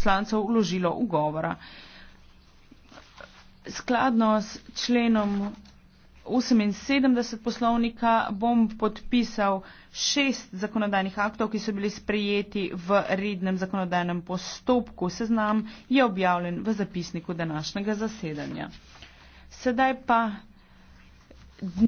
poslancev vložilo ugovora. Skladno s členom 78 poslovnika bom podpisal šest zakonodajnih aktov, ki so bili sprejeti v rednem zakonodajnem postopku. Seznam je objavljen v zapisniku današnjega zasedanja. Sedaj pa.